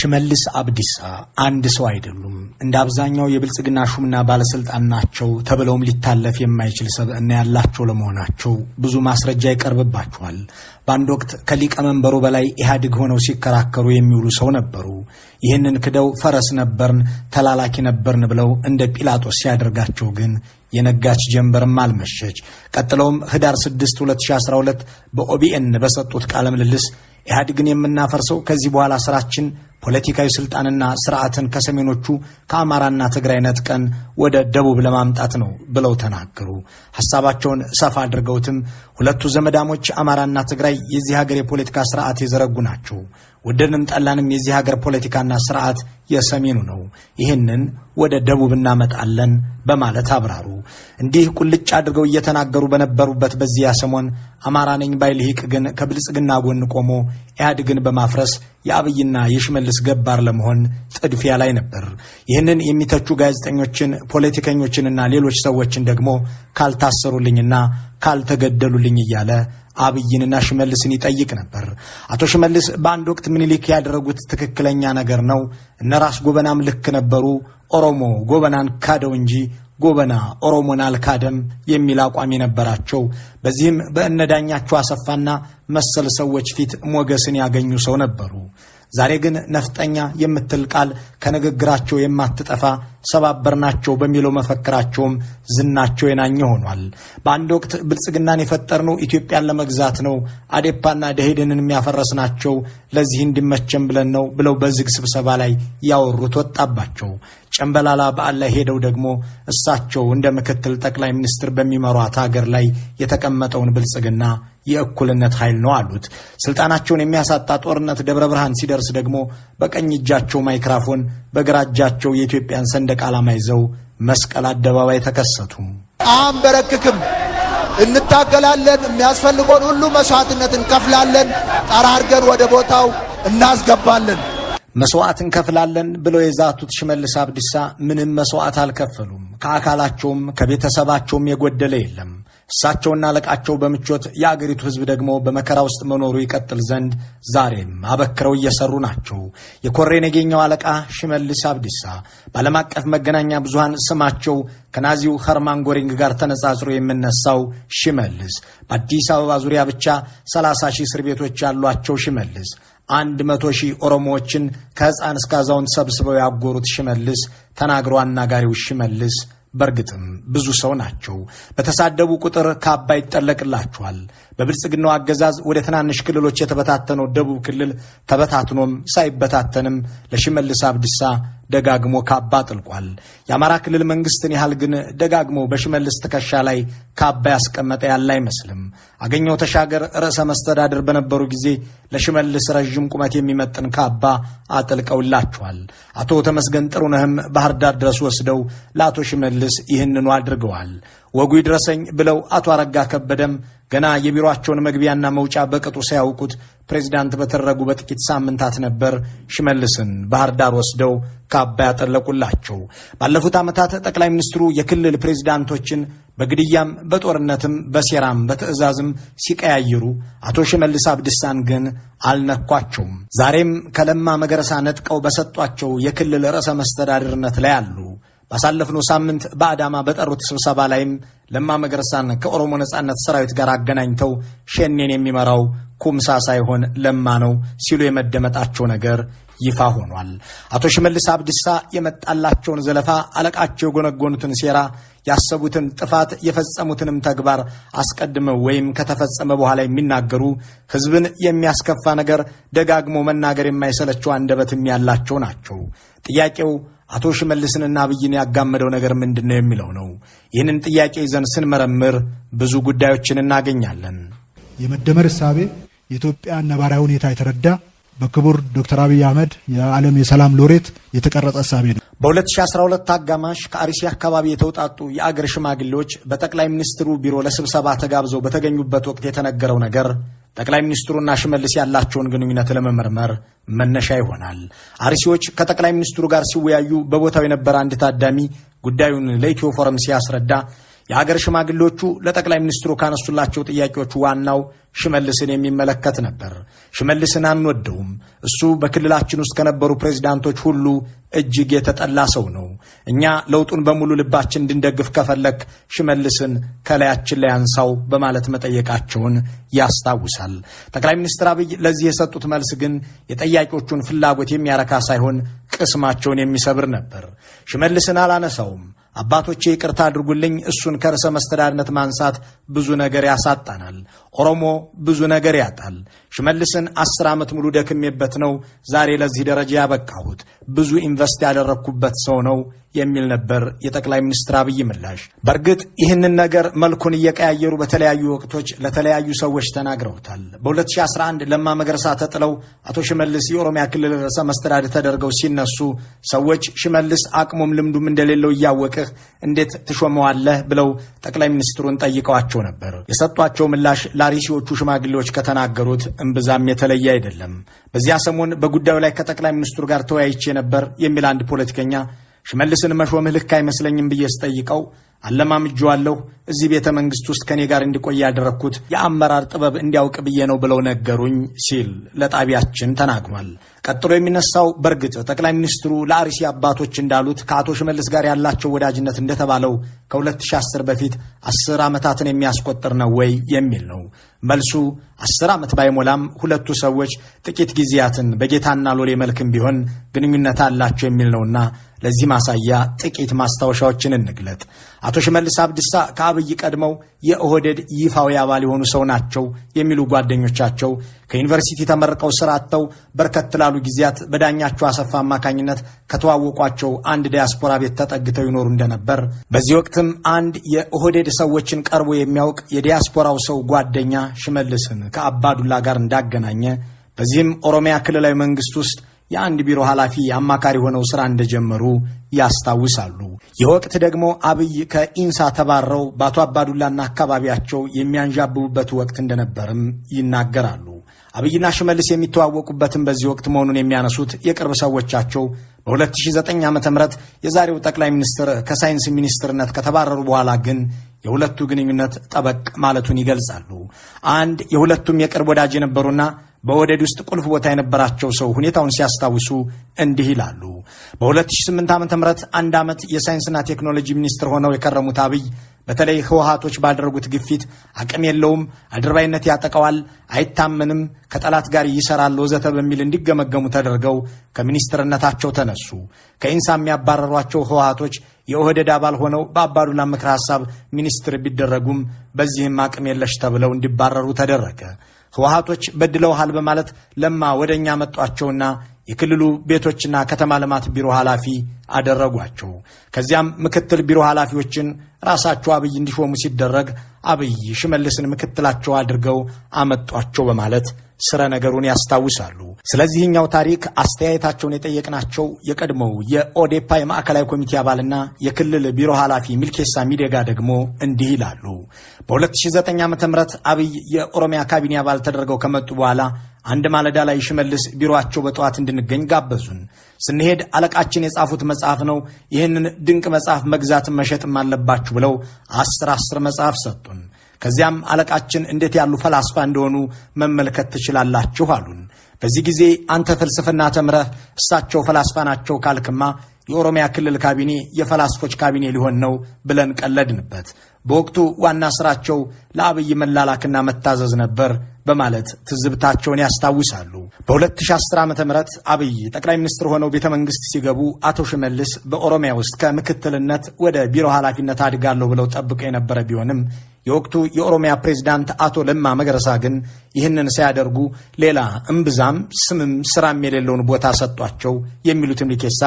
ሽመልስ አብዲሳ አንድ ሰው አይደሉም። እንደ አብዛኛው የብልጽግና ሹምና ባለስልጣን ናቸው ተብለውም ሊታለፍ የማይችል ሰብዕና ያላቸው ለመሆናቸው ብዙ ማስረጃ ይቀርብባቸዋል። በአንድ ወቅት ከሊቀመንበሩ በላይ ኢህአዴግ ሆነው ሲከራከሩ የሚውሉ ሰው ነበሩ። ይህንን ክደው ፈረስ ነበርን፣ ተላላኪ ነበርን ብለው እንደ ጲላጦስ ሲያደርጋቸው ግን የነጋች ጀንበርም አልመሸች። ቀጥለውም ህዳር 6 2012 በኦቢኤን በሰጡት ቃለ ምልልስ ኢህአዴግን የምናፈርሰው ከዚህ በኋላ ስራችን ፖለቲካዊ ስልጣንና ስርዓትን ከሰሜኖቹ ከአማራና ትግራይ ነጥቀን ወደ ደቡብ ለማምጣት ነው ብለው ተናገሩ። ሐሳባቸውን ሰፋ አድርገውትም ሁለቱ ዘመዳሞች አማራና ትግራይ የዚህ ሀገር የፖለቲካ ስርዓት የዘረጉ ናቸው። ወደድንም ጠላንም የዚህ ሀገር ፖለቲካና ስርዓት የሰሜኑ ነው። ይህንን ወደ ደቡብ እናመጣለን በማለት አብራሩ። እንዲህ ቁልጭ አድርገው እየተናገሩ በነበሩበት በዚያ ሰሞን አማራ ነኝ ባይ ልሂቅ ግን ከብልጽግና ጎን ቆሞ ኢህአድግን በማፍረስ የአብይና የሽመልስ ገባር ለመሆን ጥድፊያ ላይ ነበር። ይህንን የሚተቹ ጋዜጠኞችን፣ ፖለቲከኞችንና ሌሎች ሰዎችን ደግሞ ካልታሰሩልኝና ካልተገደሉልኝ እያለ አብይንና ሽመልስን ይጠይቅ ነበር። አቶ ሽመልስ በአንድ ወቅት ምኒልክ ያደረጉት ትክክለኛ ነገር ነው፣ እነ ራስ ጎበናም ልክ ነበሩ፣ ኦሮሞ ጎበናን ካደው እንጂ ጎበና ኦሮሞን አልካደም የሚል አቋም የነበራቸው በዚህም በእነዳኛቸው አሰፋና መሰል ሰዎች ፊት ሞገስን ያገኙ ሰው ነበሩ። ዛሬ ግን ነፍጠኛ የምትል ቃል ከንግግራቸው የማትጠፋ ሰባበር ናቸው በሚለው መፈክራቸውም ዝናቸው የናኘ ሆኗል። በአንድ ወቅት ብልጽግናን የፈጠርነው ኢትዮጵያን ለመግዛት ነው፣ አዴፓና ደኢህዴንን የሚያፈረስናቸው ለዚህ እንዲመቸን ብለን ነው ብለው በዝግ ስብሰባ ላይ ያወሩት ወጣባቸው። ጨምበላላ በዓል ላይ ሄደው ደግሞ እሳቸው እንደ ምክትል ጠቅላይ ሚኒስትር በሚመሯት ሀገር ላይ የተቀመጠውን ብልጽግና የእኩልነት ኃይል ነው አሉት። ስልጣናቸውን የሚያሳጣ ጦርነት ደብረ ብርሃን ሲደርስ ደግሞ በቀኝ እጃቸው ማይክራፎን፣ በግራ እጃቸው የኢትዮጵያን ሰንደቅ ዓላማ ይዘው መስቀል አደባባይ ተከሰቱ። አንበረክክም፣ እንታገላለን፣ የሚያስፈልገውን ሁሉ መስዋዕትነት እንከፍላለን፣ ጠራርገን ወደ ቦታው እናስገባለን። መስዋዕት እንከፍላለን ብለው የዛቱት ሽመልስ አብዲሳ ምንም መስዋዕት አልከፈሉም። ከአካላቸውም ከቤተሰባቸውም የጎደለ የለም። እሳቸውና አለቃቸው በምቾት የአገሪቱ ሕዝብ ደግሞ በመከራ ውስጥ መኖሩ ይቀጥል ዘንድ ዛሬም አበክረው እየሰሩ ናቸው። የኮሬ ነገኛው አለቃ ሽመልስ አብዲሳ በዓለም አቀፍ መገናኛ ብዙሃን ስማቸው ከናዚው ኸርማን ጎሪንግ ጋር ተነጻጽሮ የምነሳው ሽመልስ በአዲስ አበባ ዙሪያ ብቻ 30 ሺህ እስር ቤቶች ያሏቸው ሽመልስ አንድ መቶ ሺህ ኦሮሞዎችን ከሕፃን እስከ አዛውንት ሰብስበው ያጎሩት ሽመልስ ተናግሮ አናጋሪው ሽመልስ በእርግጥም ብዙ ሰው ናቸው። በተሳደቡ ቁጥር ካባ ይጠለቅላችኋል። በብልጽግናው አገዛዝ ወደ ትናንሽ ክልሎች የተበታተነው ደቡብ ክልል ተበታትኖም ሳይበታተንም ለሽመልስ አብዲሳ ደጋግሞ ካባ ጥልቋል። የአማራ ክልል መንግስትን ያህል ግን ደጋግሞ በሽመልስ ትከሻ ላይ ካባ ያስቀመጠ ያለ አይመስልም። አገኘው ተሻገር ርዕሰ መስተዳድር በነበሩ ጊዜ ለሽመልስ ረዥም ቁመት የሚመጥን ካባ አጥልቀውላቸዋል። አቶ ተመስገን ጥሩነህም ባህር ዳር ድረስ ወስደው ለአቶ ሽመልስ ይህንኑ አድርገዋል። ወጉ ይድረሰኝ ብለው አቶ አረጋ ከበደም ገና የቢሮአቸውን መግቢያና መውጫ በቅጡ ሳያውቁት ፕሬዚዳንት በተደረጉ በጥቂት ሳምንታት ነበር ሽመልስን ባህር ዳር ወስደው ካባ ያጠለቁላቸው። ባለፉት ዓመታት ጠቅላይ ሚኒስትሩ የክልል ፕሬዚዳንቶችን በግድያም በጦርነትም በሴራም በትዕዛዝም ሲቀያይሩ አቶ ሽመልስ አብድሳን ግን አልነኳቸውም። ዛሬም ከለማ መገረሳ ነጥቀው በሰጧቸው የክልል ርዕሰ መስተዳድርነት ላይ አሉ። ባሳለፍነው ሳምንት በአዳማ በጠሩት ስብሰባ ላይም ለማ መገርሳን ከኦሮሞ ነጻነት ሰራዊት ጋር አገናኝተው ሸኔን የሚመራው ኩምሳ ሳይሆን ለማ ነው ሲሉ የመደመጣቸው ነገር ይፋ ሆኗል። አቶ ሽመልስ አብዲሳ የመጣላቸውን ዘለፋ፣ አለቃቸው የጎነጎኑትን ሴራ፣ ያሰቡትን ጥፋት፣ የፈጸሙትንም ተግባር አስቀድመው ወይም ከተፈጸመ በኋላ የሚናገሩ ሕዝብን የሚያስከፋ ነገር ደጋግሞ መናገር የማይሰለቸው አንደበትም ያላቸው ናቸው። ጥያቄው አቶ ሽመልስንና አብይን ያጋመደው ነገር ምንድን ነው የሚለው ነው። ይህንን ጥያቄ ይዘን ስንመረምር ብዙ ጉዳዮችን እናገኛለን። የመደመር እሳቤ የኢትዮጵያ ነባራዊ ሁኔታ የተረዳ በክቡር ዶክተር አብይ አህመድ የዓለም የሰላም ሎሬት የተቀረጸ እሳቤ ነው። በ2012 አጋማሽ ከአርሲ አካባቢ የተውጣጡ የአገር ሽማግሌዎች በጠቅላይ ሚኒስትሩ ቢሮ ለስብሰባ ተጋብዘው በተገኙበት ወቅት የተነገረው ነገር ጠቅላይ ሚኒስትሩና ሽመልስ ያላቸውን ግንኙነት ለመመርመር መነሻ ይሆናል። አርሲዎች ከጠቅላይ ሚኒስትሩ ጋር ሲወያዩ በቦታው የነበረ አንድ ታዳሚ ጉዳዩን ለኢትዮ ፎረም ሲያስረዳ የሀገር ሽማግሌዎቹ ለጠቅላይ ሚኒስትሩ ካነሱላቸው ጥያቄዎች ዋናው ሽመልስን የሚመለከት ነበር። ሽመልስን አንወደውም፣ እሱ በክልላችን ውስጥ ከነበሩ ፕሬዚዳንቶች ሁሉ እጅግ የተጠላ ሰው ነው። እኛ ለውጡን በሙሉ ልባችን እንድንደግፍ ከፈለክ ሽመልስን ከላያችን ላይ አንሳው በማለት መጠየቃቸውን ያስታውሳል። ጠቅላይ ሚኒስትር አብይ ለዚህ የሰጡት መልስ ግን የጠያቂዎቹን ፍላጎት የሚያረካ ሳይሆን ቅስማቸውን የሚሰብር ነበር። ሽመልስን አላነሳውም አባቶቼ ይቅርታ አድርጉልኝ፣ እሱን ከርዕሰ መስተዳድነት ማንሳት ብዙ ነገር ያሳጣናል። ኦሮሞ ብዙ ነገር ያጣል። ሽመልስን አስር ዓመት ሙሉ ደክሜበት ነው ዛሬ ለዚህ ደረጃ ያበቃሁት። ብዙ ኢንቨስት ያደረግኩበት ሰው ነው የሚል ነበር የጠቅላይ ሚኒስትር አብይ ምላሽ። በእርግጥ ይህንን ነገር መልኩን እየቀያየሩ በተለያዩ ወቅቶች ለተለያዩ ሰዎች ተናግረውታል። በ2011 ለማ መገርሳ ተጥለው አቶ ሽመልስ የኦሮሚያ ክልል ርዕሰ መስተዳድር ተደርገው ሲነሱ ሰዎች ሽመልስ አቅሙም ልምዱም እንደሌለው እያወቅህ እንዴት ትሾመዋለህ ብለው ጠቅላይ ሚኒስትሩን ጠይቀዋቸው ነበር። የሰጧቸው ምላሽ ላሪሲዎቹ ሽማግሌዎች ከተናገሩት እምብዛም የተለየ አይደለም። በዚያ ሰሞን በጉዳዩ ላይ ከጠቅላይ ሚኒስትሩ ጋር ተወያይቼ ነበር የሚል አንድ ፖለቲከኛ ሽመልስን መሾምህ ልክ አይመስለኝም ብዬ ስጠይቀው አለማምጄዋለሁ እዚህ ቤተ መንግሥት ውስጥ ከእኔ ጋር እንዲቆይ ያደረግኩት የአመራር ጥበብ እንዲያውቅ ብዬ ነው ብለው ነገሩኝ ሲል ለጣቢያችን ተናግሯል። ቀጥሎ የሚነሳው በእርግጥ ጠቅላይ ሚኒስትሩ ለአርሲ አባቶች እንዳሉት ከአቶ ሽመልስ ጋር ያላቸው ወዳጅነት እንደተባለው ከ2010 በፊት አስር ዓመታትን የሚያስቆጥር ነው ወይ የሚል ነው መልሱ። አስር ዓመት ባይሞላም ሁለቱ ሰዎች ጥቂት ጊዜያትን በጌታና ሎሌ መልክም ቢሆን ግንኙነት አላቸው የሚል ነውና ለዚህ ማሳያ ጥቂት ማስታወሻዎችን እንግለጥ። አቶ ሽመልስ አብዲሳ ከአብይ ቀድመው የኦህደድ ይፋዊ አባል የሆኑ ሰው ናቸው የሚሉ ጓደኞቻቸው ከዩኒቨርሲቲ ተመርቀው ስራ አጥተው በርከት ላሉ ጊዜያት በዳኛቸው አሰፋ አማካኝነት ከተዋወቋቸው አንድ ዲያስፖራ ቤት ተጠግተው ይኖሩ እንደነበር፣ በዚህ ወቅትም አንድ የኦህደድ ሰዎችን ቀርቦ የሚያውቅ የዲያስፖራው ሰው ጓደኛ ሽመልስን ከአባዱላ ጋር እንዳገናኘ በዚህም ኦሮሚያ ክልላዊ መንግስት ውስጥ የአንድ ቢሮ ኃላፊ አማካሪ ሆነው ስራ እንደጀመሩ ያስታውሳሉ። የወቅት ደግሞ አብይ ከኢንሳ ተባረው በአቶ አባዱላና አካባቢያቸው የሚያንዣብቡበት ወቅት እንደነበርም ይናገራሉ። አብይና ሽመልስ የሚተዋወቁበትም በዚህ ወቅት መሆኑን የሚያነሱት የቅርብ ሰዎቻቸው በ2009 ዓ ም የዛሬው ጠቅላይ ሚኒስትር ከሳይንስ ሚኒስትርነት ከተባረሩ በኋላ ግን የሁለቱ ግንኙነት ጠበቅ ማለቱን ይገልጻሉ። አንድ የሁለቱም የቅርብ ወዳጅ የነበሩና በወደድ ውስጥ ቁልፍ ቦታ የነበራቸው ሰው ሁኔታውን ሲያስታውሱ እንዲህ ይላሉ። በ2008 ዓ ም አንድ ዓመት የሳይንስና ቴክኖሎጂ ሚኒስትር ሆነው የከረሙት አብይ በተለይ ህወሀቶች ባደረጉት ግፊት አቅም የለውም፣ አድርባይነት ያጠቀዋል፣ አይታመንም፣ ከጠላት ጋር ይሰራል ወዘተ በሚል እንዲገመገሙ ተደርገው ከሚኒስትርነታቸው ተነሱ። ከኢንሳ የሚያባረሯቸው ህወሀቶች የኦህደድ አባል ሆነው በአባዱላ ምክረ ሐሳብ ሚኒስትር ቢደረጉም በዚህም አቅም የለሽ ተብለው እንዲባረሩ ተደረገ። ህወሀቶች በድለውሃል በማለት ለማ ወደ እኛ መጧቸውና የክልሉ ቤቶችና ከተማ ልማት ቢሮ ኃላፊ አደረጓቸው። ከዚያም ምክትል ቢሮ ኃላፊዎችን ራሳቸው አብይ እንዲሾሙ ሲደረግ አብይ ሽመልስን ምክትላቸው አድርገው አመጧቸው በማለት ስረ ነገሩን ያስታውሳሉ። ስለዚህኛው ታሪክ አስተያየታቸውን የጠየቅናቸው የቀድሞው የኦዴፓ የማዕከላዊ ኮሚቴ አባልና የክልል ቢሮ ኃላፊ ሚልኬሳ ሚዴጋ ደግሞ እንዲህ ይላሉ። በ2009 ዓ ም አብይ የኦሮሚያ ካቢኔ አባል ተደርገው ከመጡ በኋላ አንድ ማለዳ ላይ ሽመልስ ቢሮአቸው በጠዋት እንድንገኝ ጋበዙን። ስንሄድ አለቃችን የጻፉት መጽሐፍ ነው፣ ይህንን ድንቅ መጽሐፍ መግዛትም መሸጥም አለባችሁ ብለው አስር አስር መጽሐፍ ሰጡን። ከዚያም አለቃችን እንዴት ያሉ ፈላስፋ እንደሆኑ መመልከት ትችላላችሁ አሉን። በዚህ ጊዜ አንተ ፍልስፍና ተምረህ እሳቸው ፈላስፋ ናቸው ካልክማ የኦሮሚያ ክልል ካቢኔ የፈላስፎች ካቢኔ ሊሆን ነው ብለን ቀለድንበት። በወቅቱ ዋና ስራቸው ለአብይ መላላክና መታዘዝ ነበር በማለት ትዝብታቸውን ያስታውሳሉ። በ2010 ዓ ም አብይ ጠቅላይ ሚኒስትር ሆነው ቤተ መንግስት ሲገቡ አቶ ሽመልስ በኦሮሚያ ውስጥ ከምክትልነት ወደ ቢሮ ኃላፊነት አድጋለሁ ብለው ጠብቀው የነበረ ቢሆንም የወቅቱ የኦሮሚያ ፕሬዚዳንት አቶ ለማ መገረሳ ግን ይህንን ሳያደርጉ ሌላ እምብዛም ስምም ስራም የሌለውን ቦታ ሰጧቸው የሚሉት ምልኬሳ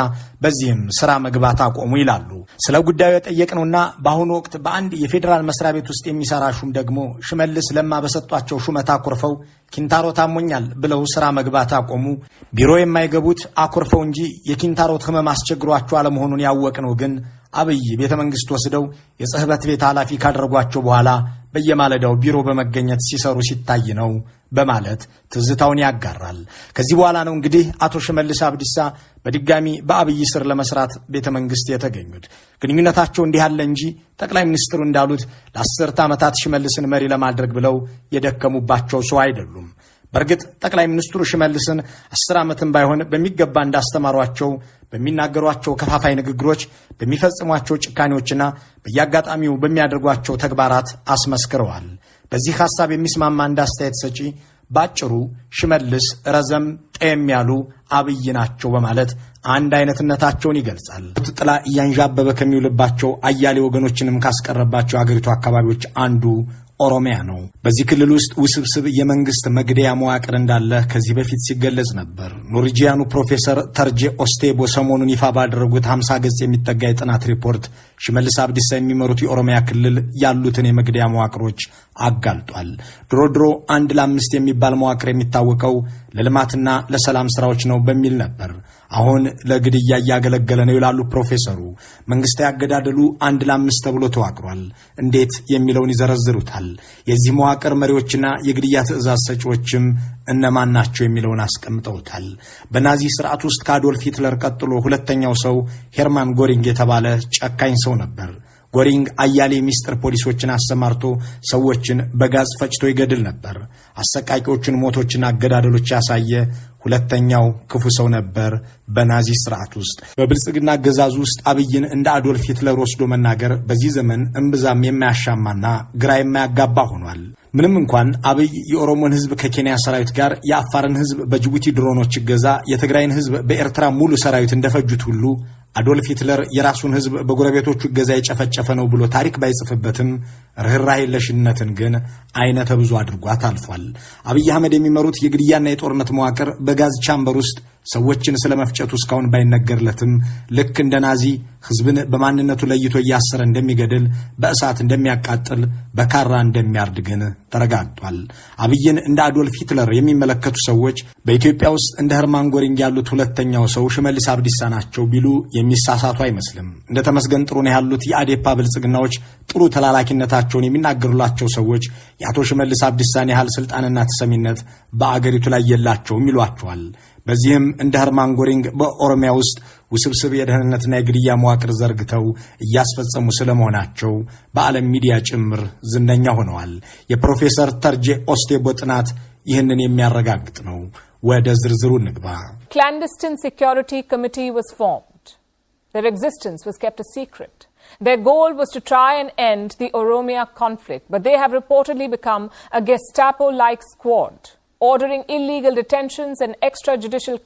በዚህም ስራ መግባት አቆሙ ይላሉ። ስለ ጉዳዩ የጠየቅነውና በአሁኑ ወቅት በአንድ የፌዴራል መስሪያ ቤት ውስጥ የሚሰራ ሹም ደግሞ ሽመልስ ለማ በሰጧቸው ሹመት አኩርፈው ኪንታሮት አሞኛል ብለው ስራ መግባት አቆሙ። ቢሮ የማይገቡት አኩርፈው እንጂ የኪንታሮት ህመም አስቸግሯቸው አለመሆኑን ያወቅነው ግን አብይ ቤተ መንግስት ወስደው የጽህበት ቤት ኃላፊ ካደረጓቸው በኋላ በየማለዳው ቢሮ በመገኘት ሲሰሩ ሲታይ ነው በማለት ትዝታውን ያጋራል። ከዚህ በኋላ ነው እንግዲህ አቶ ሽመልስ አብዲሳ በድጋሚ በአብይ ስር ለመስራት ቤተ መንግስት የተገኙት። ግንኙነታቸው እንዲህ አለ እንጂ ጠቅላይ ሚኒስትሩ እንዳሉት ለአስርተ ዓመታት ሽመልስን መሪ ለማድረግ ብለው የደከሙባቸው ሰው አይደሉም። በእርግጥ ጠቅላይ ሚኒስትሩ ሽመልስን አስር ዓመትን ባይሆን በሚገባ እንዳስተማሯቸው በሚናገሯቸው ከፋፋይ ንግግሮች፣ በሚፈጽሟቸው ጭካኔዎችና በየአጋጣሚው በሚያደርጓቸው ተግባራት አስመስክረዋል። በዚህ ሐሳብ የሚስማማ እንዳስተያየት ሰጪ ባጭሩ ሽመልስ ረዘም ጠየም ያሉ አብይ ናቸው በማለት አንድ አይነትነታቸውን ይገልጻል። ጥላ እያንዣበበ ከሚውልባቸው አያሌ ወገኖችንም ካስቀረባቸው አገሪቱ አካባቢዎች አንዱ ኦሮሚያ ነው። በዚህ ክልል ውስጥ ውስብስብ የመንግስት መግደያ መዋቅር እንዳለ ከዚህ በፊት ሲገለጽ ነበር። ኖርጂያኑ ፕሮፌሰር ተርጄ ኦስቴቦ ሰሞኑን ይፋ ባደረጉት 50 ገጽ የሚጠጋ የጥናት ሪፖርት ሽመልስ አብዲሳ የሚመሩት የኦሮሚያ ክልል ያሉትን የመግደያ መዋቅሮች አጋልጧል። ድሮ ድሮ አንድ ለአምስት የሚባል መዋቅር የሚታወቀው ለልማትና ለሰላም ስራዎች ነው በሚል ነበር። አሁን ለግድያ እያገለገለ ነው ይላሉ ፕሮፌሰሩ። መንግስታዊ አገዳደሉ አንድ ለአምስት ተብሎ ተዋቅሯል። እንዴት የሚለውን ይዘረዝሩታል። የዚህ መዋቅር መሪዎችና የግድያ ትዕዛዝ ሰጪዎችም እነማን ናቸው የሚለውን አስቀምጠውታል። በናዚ ስርዓት ውስጥ ከአዶልፍ ሂትለር ቀጥሎ ሁለተኛው ሰው ሄርማን ጎሪንግ የተባለ ጨካኝ ሰው ነበር። ጎሪንግ አያሌ ሚስጥር ፖሊሶችን አሰማርቶ ሰዎችን በጋዝ ፈጭቶ ይገድል ነበር። አሰቃቂዎቹን ሞቶችና አገዳደሎች ያሳየ ሁለተኛው ክፉ ሰው ነበር። በናዚ ስርዓት ውስጥ በብልጽግና አገዛዝ ውስጥ አብይን እንደ አዶልፍ ሂትለር ወስዶ መናገር በዚህ ዘመን እምብዛም የማያሻማና ግራ የማያጋባ ሆኗል። ምንም እንኳን አብይ የኦሮሞን ህዝብ ከኬንያ ሰራዊት ጋር የአፋርን ህዝብ በጅቡቲ ድሮኖች እገዛ የትግራይን ህዝብ በኤርትራ ሙሉ ሰራዊት እንደፈጁት ሁሉ አዶልፍ ሂትለር የራሱን ህዝብ በጎረቤቶቹ እገዛ የጨፈጨፈ ነው ብሎ ታሪክ ባይጽፍበትም ርኅራሄ የለሽነትን ግን አይነተ ብዙ አድርጓት አልፏል። አብይ አህመድ የሚመሩት የግድያና የጦርነት መዋቅር በጋዝ ቻምበር ውስጥ ሰዎችን ስለ መፍጨቱ እስካሁን ባይነገርለትም ልክ እንደ ናዚ ሕዝብን በማንነቱ ለይቶ እያሰረ እንደሚገድል፣ በእሳት እንደሚያቃጥል፣ በካራ እንደሚያርድ ግን ተረጋግጧል። አብይን እንደ አዶልፍ ሂትለር የሚመለከቱ ሰዎች በኢትዮጵያ ውስጥ እንደ ህርማን ጎሪንግ ያሉት ሁለተኛው ሰው ሽመልስ አብዲሳ ናቸው ቢሉ የሚሳሳቱ አይመስልም። እንደ ተመስገን ጥሩነህ ያሉት የአዴፓ ብልጽግናዎች ጥሩ ተላላኪነታቸውን የሚናገሩላቸው ሰዎች የአቶ ሽመልስ አብዲሳን ያህል ስልጣንና ተሰሚነት በአገሪቱ ላይ የላቸውም ይሏቸዋል። በዚህም እንደ ሀርማን ጎሪንግ በኦሮሚያ ውስጥ ውስብስብ የደህንነትና የግድያ መዋቅር ዘርግተው እያስፈጸሙ ስለመሆናቸው በዓለም ሚዲያ ጭምር ዝነኛ ሆነዋል። የፕሮፌሰር ተርጄ ኦስቴቦ ጥናት ይህንን የሚያረጋግጥ ነው። ወደ ዝርዝሩ ንግባ። ክላንደስቲን ሴኪሪቲ ኮሚቲ ዋዝ ፎርምድ ዜር ኤግዚስተንስ ዋዝ ኬፕት ሲክሬት Their goal was to try and end the Oromia conflict, but they have reportedly become a Gestapo like squad ordering illegal detentions and extrajudicial